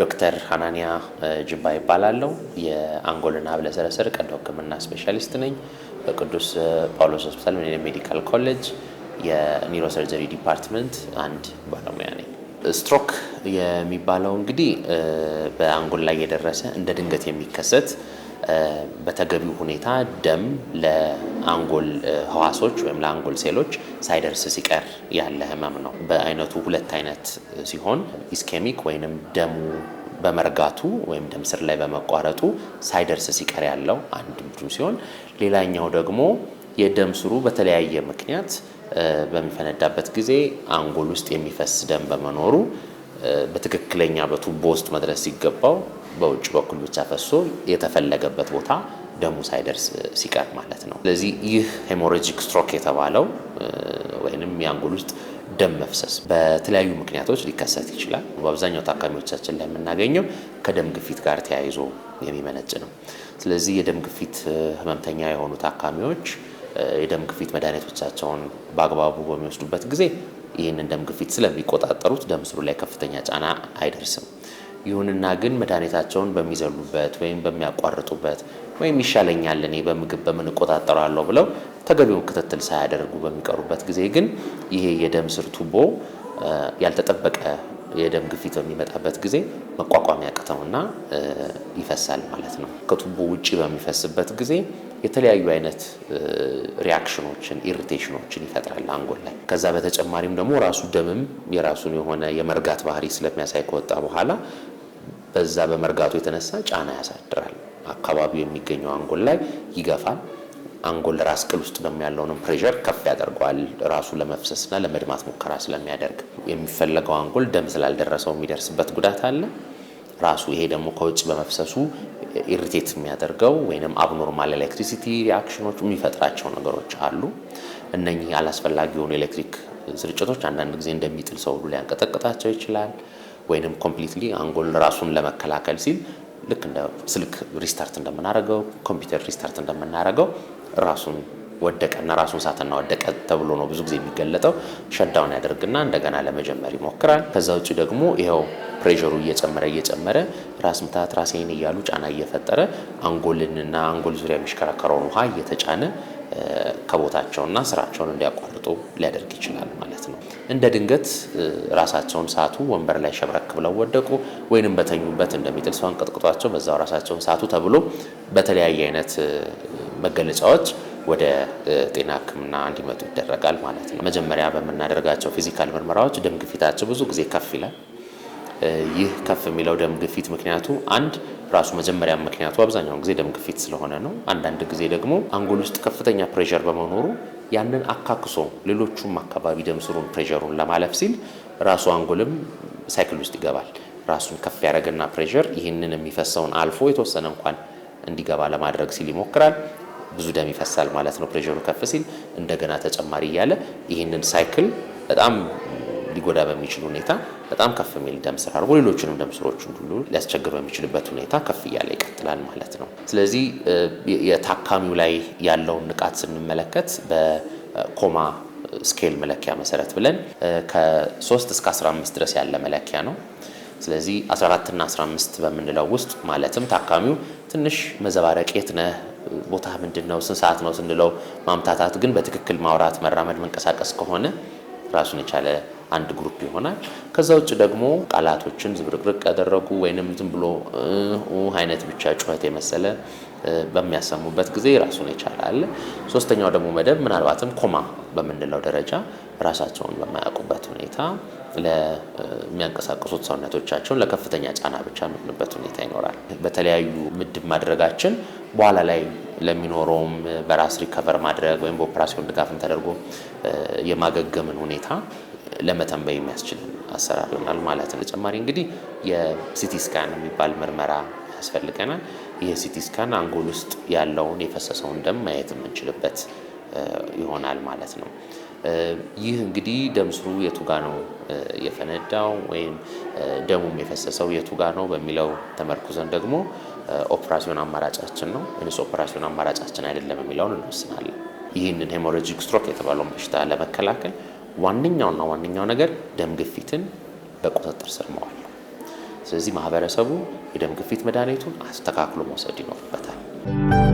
ዶክተር ሀናንያ ጅባ ይባላለው። የአንጎልና ህብለ ቀዶ ህክምና ስፔሻሊስት ነኝ። በቅዱስ ጳውሎስ ሆስፒታል ሚሊኒየም ሜዲካል ኮሌጅ የኒውሮሰርጀሪ ዲፓርትመንት አንድ ባለሙያ ነኝ። ስትሮክ የሚባለው እንግዲህ በአንጎል ላይ የደረሰ እንደ ድንገት የሚከሰት በተገቢው ሁኔታ ደም ለአንጎል ህዋሶች ወይም ለአንጎል ሴሎች ሳይደርስ ሲቀር ያለ ህመም ነው። በአይነቱ ሁለት አይነት ሲሆን ኢስኬሚክ ወይንም ደሙ በመርጋቱ ወይም ደም ስር ላይ በመቋረጡ ሳይደርስ ሲቀር ያለው አንዱ ሲሆን፣ ሌላኛው ደግሞ የደም ስሩ በተለያየ ምክንያት በሚፈነዳበት ጊዜ አንጎል ውስጥ የሚፈስ ደም በመኖሩ በትክክለኛ በቱቦ ውስጥ መድረስ ሲገባው በውጭ በኩል ብቻ ፈሶ የተፈለገበት ቦታ ደሙ ሳይደርስ ሲቀር ማለት ነው። ስለዚህ ይህ ሄሞሮጂክ ስትሮክ የተባለው ወይንም የአንጎል ውስጥ ደም መፍሰስ በተለያዩ ምክንያቶች ሊከሰት ይችላል። በአብዛኛው ታካሚዎቻችን ላይ የምናገኘው ከደም ግፊት ጋር ተያይዞ የሚመነጭ ነው። ስለዚህ የደም ግፊት ህመምተኛ የሆኑ ታካሚዎች የደም ግፊት መድኃኒቶቻቸውን በአግባቡ በሚወስዱበት ጊዜ ይህንን ደም ግፊት ስለሚቆጣጠሩት ደም ስሩ ላይ ከፍተኛ ጫና አይደርስም። ይሁንና ግን መድኃኒታቸውን በሚዘሉበት ወይም በሚያቋርጡበት ወይም ይሻለኛል እኔ በምግብ በምን እቆጣጠራለሁ ብለው ተገቢውን ክትትል ሳያደርጉ በሚቀሩበት ጊዜ ግን ይሄ የደም ስር ቱቦ ያልተጠበቀ የደም ግፊት በሚመጣበት ጊዜ መቋቋም ያቅተውና ይፈሳል ማለት ነው። ከቱቦ ውጭ በሚፈስበት ጊዜ የተለያዩ አይነት ሪያክሽኖችን ኢሪቴሽኖችን ይፈጥራል አንጎል ላይ። ከዛ በተጨማሪም ደግሞ ራሱ ደምም የራሱን የሆነ የመርጋት ባህሪ ስለሚያሳይ ከወጣ በኋላ በዛ በመርጋቱ የተነሳ ጫና ያሳድራል። አካባቢው የሚገኘው አንጎል ላይ ይገፋል። አንጎል ራስ ቅል ውስጥ ደግሞ ያለውንም ፕሬሸር ከፍ ያደርገዋል። ራሱ ለመፍሰስና ለመድማት ሙከራ ስለሚያደርግ የሚፈለገው አንጎል ደም ስላልደረሰው የሚደርስበት ጉዳት አለ። ራሱ ይሄ ደግሞ ከውጭ በመፍሰሱ ኢሪቴት የሚያደርገው ወይም አብኖርማል ኤሌክትሪሲቲ ሪአክሽኖች የሚፈጥራቸው ነገሮች አሉ። እነኚህ አላስፈላጊ የሆኑ ኤሌክትሪክ ስርጭቶች አንዳንድ ጊዜ እንደሚጥል ሰው ሁሉ ሊያንቀጠቅጣቸው ይችላል። ወይንም ኮምፕሊትሊ አንጎል ራሱን ለመከላከል ሲል ልክ እንደ ስልክ ሪስታርት እንደምናደርገው ኮምፒውተር ሪስታርት እንደምናደርገው ራሱን ወደቀና ራሱን ሳተና ወደቀ ተብሎ ነው ብዙ ጊዜ የሚገለጠው። ሸዳውን ያደርግና እንደገና ለመጀመር ይሞክራል። ከዛ ውጭ ደግሞ ይኸው ፕሬሩ እየጨመረ እየጨመረ ራስ ምታት ራሴን እያሉ ጫና እየፈጠረ አንጎልንና አንጎል ዙሪያ የሚሽከረከረውን ውሃ እየተጫነ ከቦታቸውና ስራቸውን እንዲያቋርጡ ሊያደርግ ይችላል ማለት ነው። እንደ ድንገት ራሳቸውን ሳቱ፣ ወንበር ላይ ሸብረክ ብለው ወደቁ፣ ወይንም በተኙበት እንደሚጥል ሰው አንቀጥቅጧቸው በዛው ራሳቸውን ሳቱ ተብሎ በተለያየ አይነት መገለጫዎች ወደ ጤና ሕክምና እንዲመጡ ይደረጋል ማለት ነው። መጀመሪያ በምናደርጋቸው ፊዚካል ምርመራዎች ደም ግፊታቸው ብዙ ጊዜ ከፍ ይላል። ይህ ከፍ የሚለው ደም ግፊት ምክንያቱ አንድ ራሱ መጀመሪያ ምክንያቱ አብዛኛውን ጊዜ ደም ግፊት ስለሆነ ነው። አንዳንድ ጊዜ ደግሞ አንጎል ውስጥ ከፍተኛ ፕሬሸር በመኖሩ ያንን አካክሶ ሌሎቹም አካባቢ ደም ስሩን ፕሬሸሩን ለማለፍ ሲል ራሱ አንጎልም ሳይክል ውስጥ ይገባል። ራሱን ከፍ ያደረገና ፕሬር ይህንን የሚፈሰውን አልፎ የተወሰነ እንኳን እንዲገባ ለማድረግ ሲል ይሞክራል። ብዙ ደም ይፈሳል ማለት ነው። ፕሬሽሩ ከፍ ሲል እንደገና ተጨማሪ እያለ ይህንን ሳይክል በጣም ሊጎዳ በሚችል ሁኔታ በጣም ከፍ የሚል ደም ስር አድርጎ ሌሎችንም ደም ስሮችን ሁሉ ሊያስቸግር በሚችልበት ሁኔታ ከፍ እያለ ይቀጥላል ማለት ነው። ስለዚህ የታካሚው ላይ ያለውን ንቃት ስንመለከት በኮማ ስኬል መለኪያ መሰረት ብለን ከ3 እስከ 15 ድረስ ያለ መለኪያ ነው። ስለዚህ 14 እና 15 በምንለው ውስጥ ማለትም ታካሚው ትንሽ መዘባረቅ የት ነህ ቦታ ምንድን ነው፣ ስንት ሰዓት ነው ስንለው ማምታታት ግን በትክክል ማውራት፣ መራመድ፣ መንቀሳቀስ ከሆነ ራሱን የቻለ አንድ ግሩፕ ይሆናል። ከዛ ውጭ ደግሞ ቃላቶችን ዝብርቅርቅ ያደረጉ ወይንም ዝም ብሎ አይነት ብቻ ጩኸት የመሰለ በሚያሰሙበት ጊዜ ራሱን የቻለ አለ። ሶስተኛው ደግሞ መደብ ምናልባትም ኮማ በምንለው ደረጃ ራሳቸውን በማያውቁበት ሁኔታ ለሚያንቀሳቀሱት ሰውነቶቻቸውን ለከፍተኛ ጫና ብቻ የሚሆንበት ሁኔታ ይኖራል። በተለያዩ ምድብ ማድረጋችን በኋላ ላይ ለሚኖረውም በራስ ሪከቨር ማድረግ ወይም በኦፕራሲዮን ድጋፍም ተደርጎ የማገገምን ሁኔታ ለመተንበይ የሚያስችል አሰራር ይሆናል ማለት ነው። ተጨማሪ እንግዲህ የሲቲ ስካን የሚባል ምርመራ ያስፈልገናል። ይህ ሲቲ ስካን አንጎል ውስጥ ያለውን የፈሰሰውን ደም ማየት የምንችልበት ይሆናል ማለት ነው። ይህ እንግዲህ ደም ስሩ የቱጋ ነው የፈነዳው ወይም ደሙም የፈሰሰው የቱጋ ነው በሚለው ተመርኩዘን ደግሞ ኦፕራሲዮን አማራጫችን ነው ወይስ ኦፕራሲዮን አማራጫችን አይደለም የሚለውን እንወስናለን። ይህንን ሄሞሮጂክ ስትሮክ የተባለውን በሽታ ለመከላከል ዋነኛውና ዋነኛው ነገር ደም ግፊትን በቁጥጥር ስር መዋል ስለዚህ ማህበረሰቡ የደም ግፊት መድኃኒቱን አስተካክሎ መውሰድ ይኖርበታል።